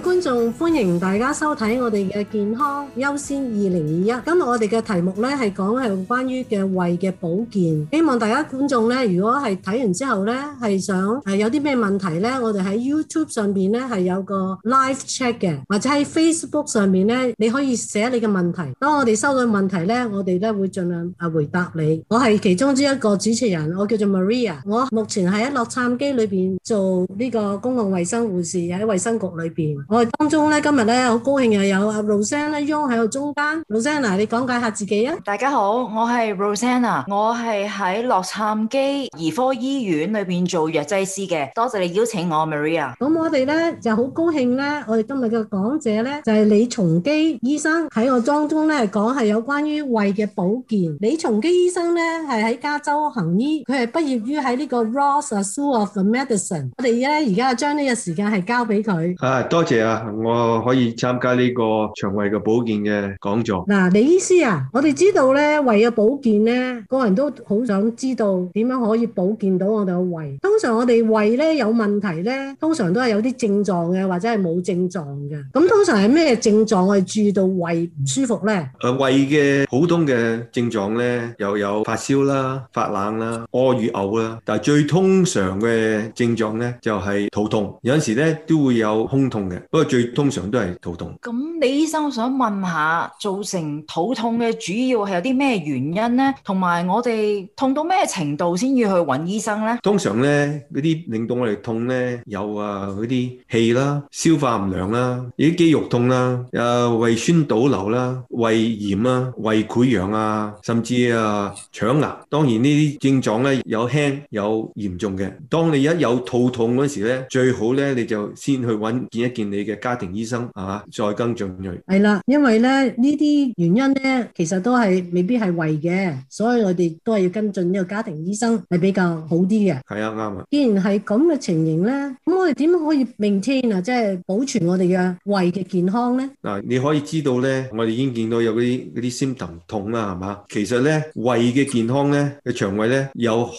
位觀眾，歡迎大家收睇我哋嘅健康優先二零二一。今日我哋嘅題目咧係講係關於嘅胃嘅保健。希望大家觀眾咧，如果係睇完之後咧，係想係有啲咩問題咧，我哋喺 YouTube 上邊咧係有個 live check 嘅，或者喺我哋當中咧，今日咧好高興又有 Rosana Yung 喐喺我中間。Rosana，嗱你講解下自己啊。大家好，我係 Rosana，n 我係喺洛杉磯兒科醫院裏邊做藥劑師嘅。多謝你邀請我，Maria。咁我哋咧就好高興咧，我哋今日嘅講者咧就係、是、李從基醫生喺我當中咧講係有關於胃嘅保健。李從基醫生咧係喺加州行醫，佢係畢業於喺呢個 Ross School of Medicine。我哋咧而家將呢這個時間係交俾佢。啊，多謝,謝。啊！我可以參加呢個腸胃嘅保健嘅講座。嗱，李醫師啊，我哋知道咧，胃嘅保健咧，個人都好想知道點樣可以保健到我哋嘅胃。通常我哋胃咧有問題咧，通常都係有啲症狀嘅，或者係冇症狀嘅。咁通常係咩症狀？我哋注意到胃唔舒服咧？誒，胃嘅普通嘅症狀咧，又有發燒啦、發冷啦、屙與嘔啦。但係最通常嘅症狀咧，就係肚痛，有陣時咧都會有胸痛嘅。不過最通常都係肚痛。咁李醫生，我想問下，造成肚痛嘅主要係有啲咩原因呢？同埋我哋痛到咩程度先要去揾醫生呢？通常呢，嗰啲令到我哋痛呢，有啊嗰啲氣啦、消化唔良啦、啲肌肉痛啦、啊胃酸倒流啦、胃炎啊、胃潰瘍啊，甚至啊腸癌。當然呢啲症狀呢，有輕有嚴重嘅。當你一有肚痛嗰時呢，最好呢，你就先去揾見一見你。你嘅家庭醫生係嘛，啊？再跟進佢係啦，因為咧呢啲原因咧，其實都係未必係胃嘅，所以我哋都係要跟進呢個家庭醫生係比較好啲嘅。係啊，啱啊。既然係咁嘅情形咧，咁我哋點可以 maintain 啊，即係保存我哋嘅胃嘅健康咧？嗱，啊，你可以知道咧，我哋已經見到有嗰啲啲 symptom 痛啦，係嘛？其實咧胃嘅健康咧嘅腸胃咧有好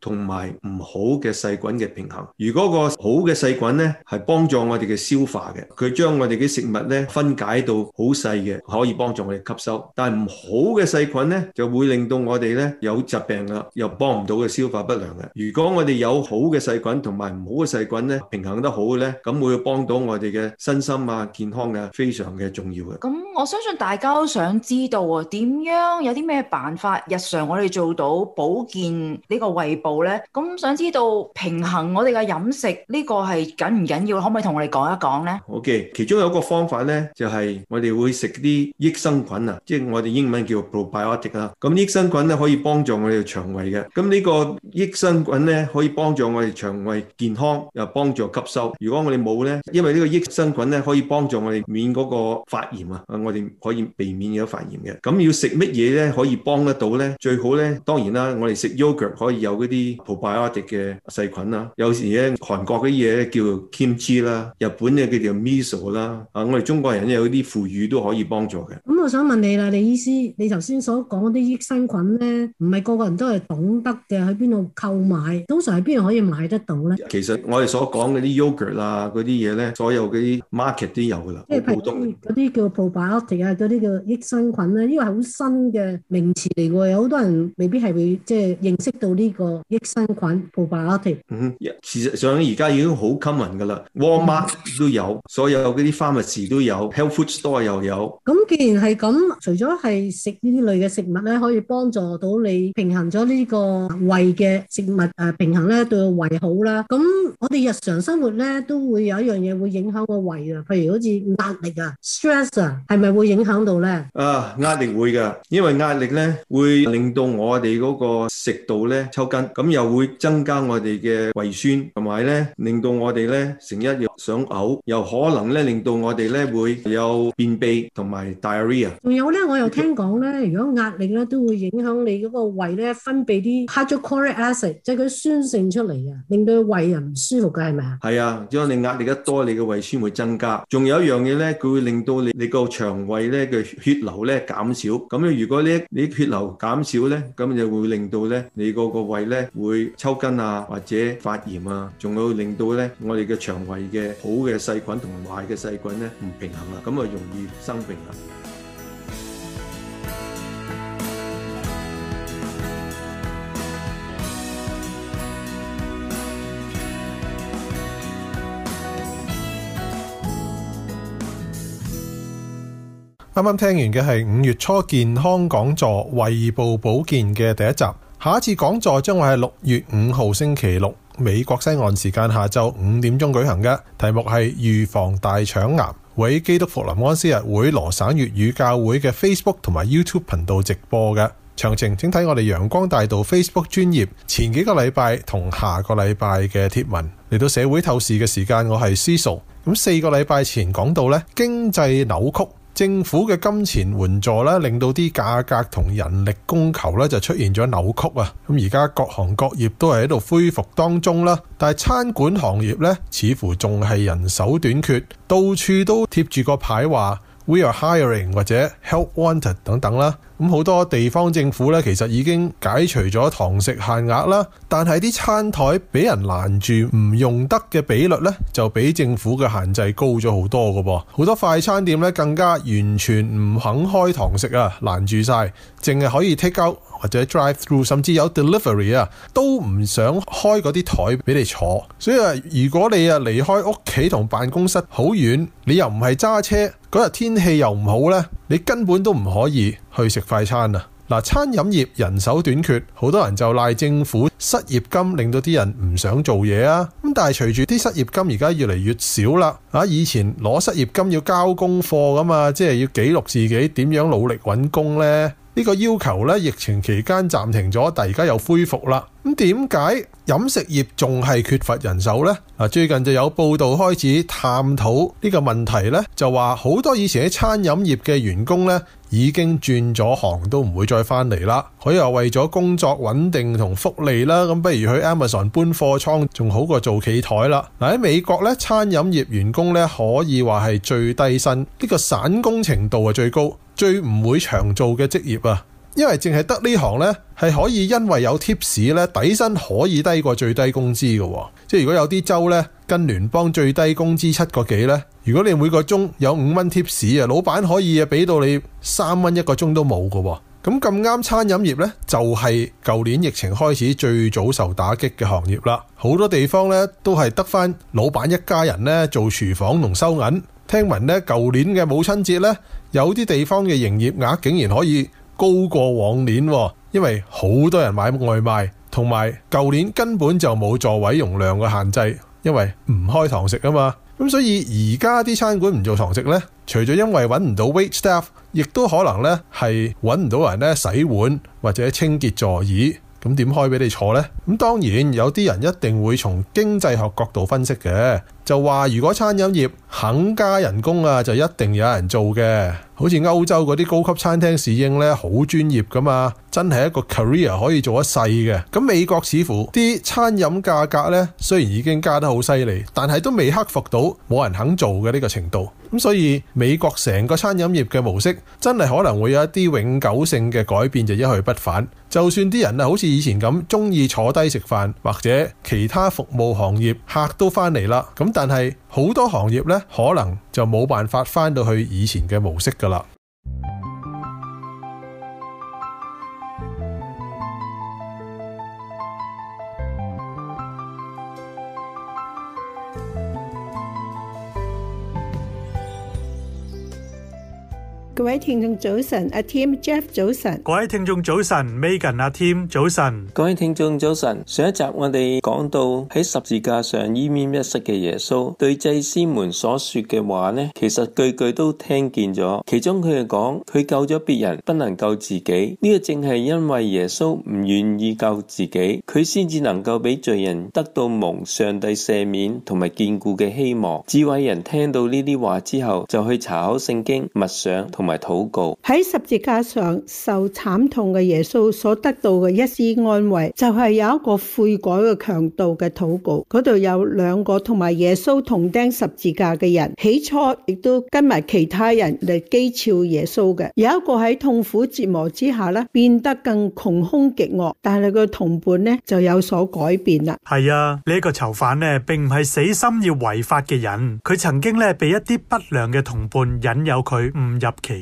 同埋唔好嘅細菌嘅平衡。如果個好嘅細菌咧係幫助我哋嘅消化。佢將我哋嘅食物咧分解到好細嘅，可以幫助我哋吸收。但係唔好嘅細菌呢就會令到我哋呢有疾病啊，又幫唔到嘅消化不良嘅。如果我哋有好嘅細菌同埋唔好嘅細菌呢平衡得好嘅咧，咁會幫到我哋嘅身心啊健康嘅、啊，非常嘅重要嘅。咁我相信大家都想知道啊，點樣有啲咩辦法，日常我哋做到保健呢個胃部呢？咁想知道平衡我哋嘅飲食呢、呢個係緊唔緊要？可唔可以同我哋講一講呢？O.K. 其中有一個方法咧，就係、是、我哋會食啲益生菌啊，即係我哋英文叫 probiotic 啦。咁益生菌咧可以幫助我哋嘅腸胃嘅。咁呢個益生菌咧可以幫助我哋腸胃健康，又幫助吸收。如果我哋冇咧，因為呢個益生菌咧可以幫助我哋免嗰個發炎啊，我哋可以避免咗發炎嘅。咁要食乜嘢咧可以幫得到咧？最好咧當然啦，我哋食 yogurt 可以有嗰啲 probiotic 嘅細菌啦。有時咧韓國嘅嘢叫 kimchi 啦，日本嘅叫叫 miso 啦，啊，我哋中國人有啲腐乳都可以幫助嘅。咁、嗯、我想問你啦，你醫師，你頭先所講嗰啲益生菌咧，唔係個個人都係懂得嘅，喺邊度購買？通常係邊度可以買得到咧？其實我哋所講嗰啲 yogurt 啊，嗰啲嘢咧，所有嗰啲 market 都有啦。即係譬如嗰啲叫 probiotic 啊，嗰啲叫益生菌咧，因為係好新嘅名詞嚟喎，有好多人未必係會即係、就是、認識到呢個益生菌 probiotic。嗯，事實上而家已經好 common 㗎啦，Walmart 都有。所有嗰啲花蜜士都有，health food store 又有。咁既然係咁，除咗係食呢啲類嘅食物咧，可以幫助到你平衡咗呢個胃嘅食物，誒平衡咧，對胃好啦。咁我哋日常生活咧都會有一樣嘢會影響個胃啊，譬如好似壓力啊、stress 啊，係咪會影響到咧？啊，壓力會噶，因為壓力咧會令到我哋嗰個食道咧抽筋，咁又會增加我哋嘅胃酸，同埋咧令到我哋咧成日又想嘔又。可能咧令到我哋咧會有便秘同埋 diarrhea，仲有咧，我又聽講咧，如果壓力咧都會影響你嗰個胃咧分泌啲 hydrochloric acid，即係佢酸性出嚟啊，令到胃人唔舒服噶係咪啊？係啊，只要你壓力一多，你嘅胃酸會增加。仲有一樣嘢咧，佢會令到你你個腸胃咧嘅血流咧減少。咁樣如果呢你血流減少咧，咁就會令到咧你嗰個胃咧會抽筋啊，或者發炎啊，仲會令到咧我哋嘅腸胃嘅好嘅細。和的細菌同壞嘅細菌咧唔平衡啦，咁啊容易生病啦。啱啱聽完嘅係五月初健康講座胃部保健嘅第一集，下一次講座將會係六月五號星期六。美國西岸時間下晝五點鐘舉行嘅，題目係預防大腸癌，為基督復臨安息日會羅省粵語教會嘅 Facebook 同埋 YouTube 頻道直播嘅，詳情請睇我哋陽光大道 Facebook 專頁，前幾個禮拜同下個禮拜嘅貼文。嚟到社會透視嘅時間，我係思蘇，咁四個禮拜前講到呢經濟扭曲。政府嘅金錢援助咧，令到啲價格同人力供求咧就出現咗扭曲啊！咁而家各行各業都係喺度恢復當中啦，但係餐館行業咧似乎仲係人手短缺，到處都貼住個牌話 We are hiring 或者 Help wanted 等等啦。咁好多地方政府咧，其實已經解除咗堂食限額啦，但係啲餐台俾人攔住唔用得嘅比率咧，就比政府嘅限制高咗好多嘅噃。好多快餐店咧更加完全唔肯開堂食啊，攔住晒，淨係可以 take out 或者 drive through，甚至有 delivery 啊，都唔想開嗰啲台俾你坐。所以啊，如果你啊離開屋企同辦公室好遠，你又唔係揸車。嗰日天氣又唔好呢，你根本都唔可以去食快餐啊！嗱，餐飲業人手短缺，好多人就賴政府失業金，令到啲人唔想做嘢啊！咁但係隨住啲失業金而家越嚟越少啦，啊！以前攞失業金要交功課㗎嘛，即係要記錄自己點樣努力揾工呢。呢個要求咧，疫情期間暫停咗，突然間又恢復啦。咁點解飲食業仲係缺乏人手呢？嗱，最近就有報道開始探討呢個問題咧，就話好多以前喺餐飲業嘅員工咧，已經轉咗行都唔會再翻嚟啦。佢又為咗工作穩定同福利啦，咁不如去 Amazon 搬貨倉，仲好過做企枱啦。嗱，喺美國咧，餐飲業員工咧可以話係最低薪，呢個散工程度係最高。最唔會長做嘅職業啊，因為淨係得呢行呢，係可以因為有貼士呢底薪可以低過最低工資嘅。即係如果有啲州呢，跟聯邦最低工資七個幾呢，如果你每個鐘有五蚊貼士啊，老闆可以啊俾到你三蚊一個鐘都冇㗎。咁咁啱餐飲業呢就係舊年疫情開始最早受打擊嘅行業啦。好多地方呢都係得翻老闆一家人呢做廚房同收銀。聽聞咧，舊年嘅母親節咧，有啲地方嘅營業額竟然可以高過往年，因為好多人買外賣，同埋舊年根本就冇座位容量嘅限制，因為唔開堂食啊嘛。咁所以而家啲餐館唔做堂食咧，除咗因為揾唔到 wait staff，亦都可能咧係揾唔到人咧洗碗或者清潔座椅，咁點開俾你坐呢？咁當然有啲人一定會從經濟學角度分析嘅。就話如果餐飲業肯加人工啊，就一定有人做嘅。好似歐洲嗰啲高級餐廳侍應呢，好專業噶嘛，真係一個 career 可以做一世嘅。咁美國似乎啲餐飲價格呢，雖然已經加得好犀利，但係都未克服到冇人肯做嘅呢個程度。咁所以美國成個餐飲業嘅模式，真係可能會有一啲永久性嘅改變，就一去不返。就算啲人啊，好似以前咁中意坐低食飯，或者其他服務行業客都返嚟啦，咁但係好多行業咧，可能就冇辦法翻到去以前嘅模式噶啦。各位聽眾早晨，阿 Team Jeff 早晨，各位聽眾早晨，Megan 阿 Team 早晨，各位聽眾早晨。上一集我哋講到喺十字架上奄奄一息嘅耶穌，對祭司們所說嘅話呢，其實句句都聽見咗。其中佢哋講佢救咗別人，不能救自己。呢個正係因為耶穌唔願意救自己，佢先至能夠俾罪人得到蒙上帝赦免同埋眷顧嘅希望。智慧人聽到呢啲話之後，就去查考聖經、默想同埋埋禱告。喺十字架上受慘痛嘅耶穌所得到嘅一絲安慰，就係、是、有一個悔改嘅強盜嘅禱告。嗰度有兩個同埋耶穌同釘十字架嘅人，起初亦都跟埋其他人嚟，譏笑耶穌嘅。有一個喺痛苦折磨之下咧，變得更窮凶極惡，但係個同伴咧就有所改變啦。係啊，呢、這個囚犯咧，並唔係死心要違法嘅人，佢曾經咧被一啲不良嘅同伴引誘佢誤入歧。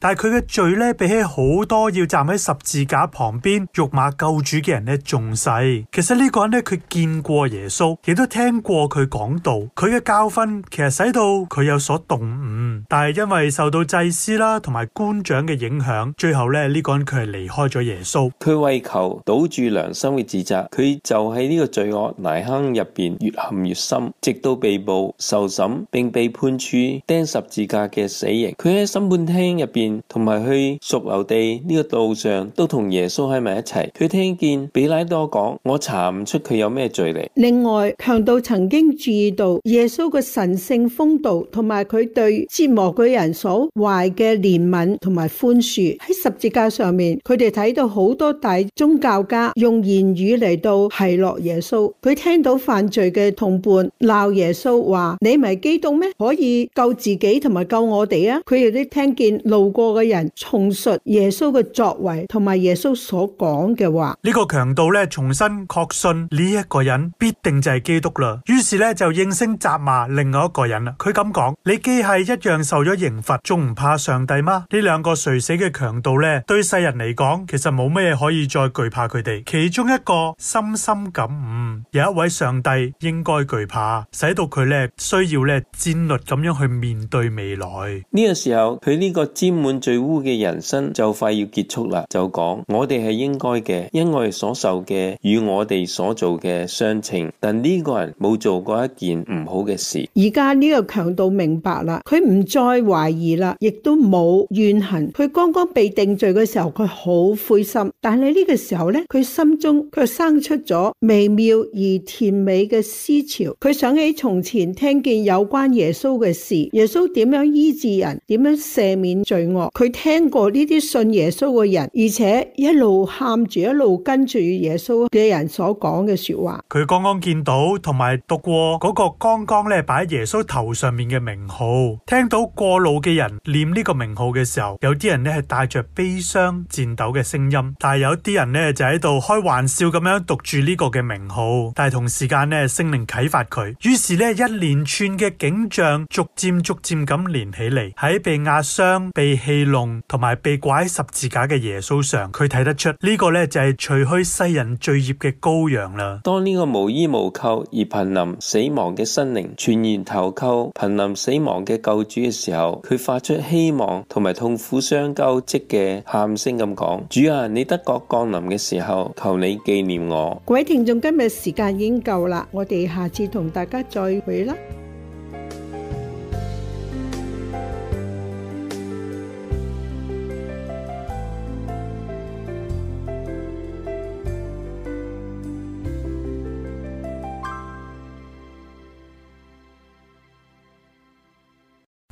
但係佢嘅罪咧，比起好多要站喺十字架旁邊辱罵救主嘅人呢，仲細。其實呢個人呢，佢見過耶穌，亦都聽過佢講道。佢嘅教訓其實使到佢有所動悟，但係因為受到祭司啦同埋官長嘅影響，最後咧呢、呢個人佢係離開咗耶穌。佢為求堵住良心嘅自責，佢就喺呢個罪惡泥坑入邊越陷越深，直到被捕、受審，並被判處釘十字架嘅死刑。佢喺審判廳。聽入邊同埋去髑髏地呢個道上，都同耶穌喺埋一齊。佢聽見比拉多講：我查唔出佢有咩罪嚟。另外，強盜曾經注意到耶穌嘅神聖風度，同埋佢對折磨佢嘅人所懷嘅憐憫同埋寬恕。喺十字架上面，佢哋睇到好多大宗教家用言語嚟到奚落耶穌。佢聽到犯罪嘅同伴鬧耶穌話：你唔係基督咩？可以救自己同埋救我哋啊！佢哋都聽見。路過嘅人重述耶穌嘅作為同埋耶穌所講嘅話，呢個強盜咧重新確信呢一個人必定就係基督啦。於是咧就應聲責罵另外一個人啦。佢咁講：你既係一樣受咗刑罰，仲唔怕上帝嗎？呢兩個垂死嘅強盜咧，對世人嚟講，其實冇咩可以再懼怕佢哋。其中一個深深感悟，有一位上帝應該懼怕，使到佢咧需要咧戰略咁樣去面對未來。呢、呢個時候佢呢？呢、這個沾滿罪污嘅人生就快要結束啦，就講我哋係應該嘅，因為所受嘅與我哋所做嘅相稱。但呢個人冇做過一件唔好嘅事。而家呢個強盜明白啦，佢唔再懷疑啦，亦都冇怨恨。佢剛剛被定罪嘅時候，佢好灰心。但係呢個時候呢，佢心中卻生出咗微妙而甜美嘅思潮。佢想起從前聽見有關耶穌嘅事，耶穌點樣醫治人，點樣赦罪惡，佢聽過呢啲信耶穌嘅人，而且一路喊住一路跟住耶穌嘅人所講嘅說話。佢剛剛見到同埋讀過嗰個剛剛咧擺喺耶穌頭上面嘅名號，聽到過路嘅人念呢個名號嘅時候，有啲人咧係帶着悲傷顫抖嘅聲音，但係有啲人咧就喺度開玩笑咁樣讀住呢個嘅名號，但係同時間咧聖靈啟發佢，於是咧一連串嘅景象逐漸逐漸咁連起嚟，喺被壓傷、被戲弄同埋被掛喺十字架嘅耶穌上，佢睇得出呢、呢個呢就係除開世人罪孽嘅羔羊啦。當呢個無依無靠而瀕臨死亡嘅生靈全然投靠瀕臨死亡嘅救主嘅時候，佢發出希望同埋痛苦相交織嘅喊聲咁講：主啊，你得國降臨嘅時候，求你紀念我。各位聽眾，今日時間已經夠啦，我哋下次同大家再會啦。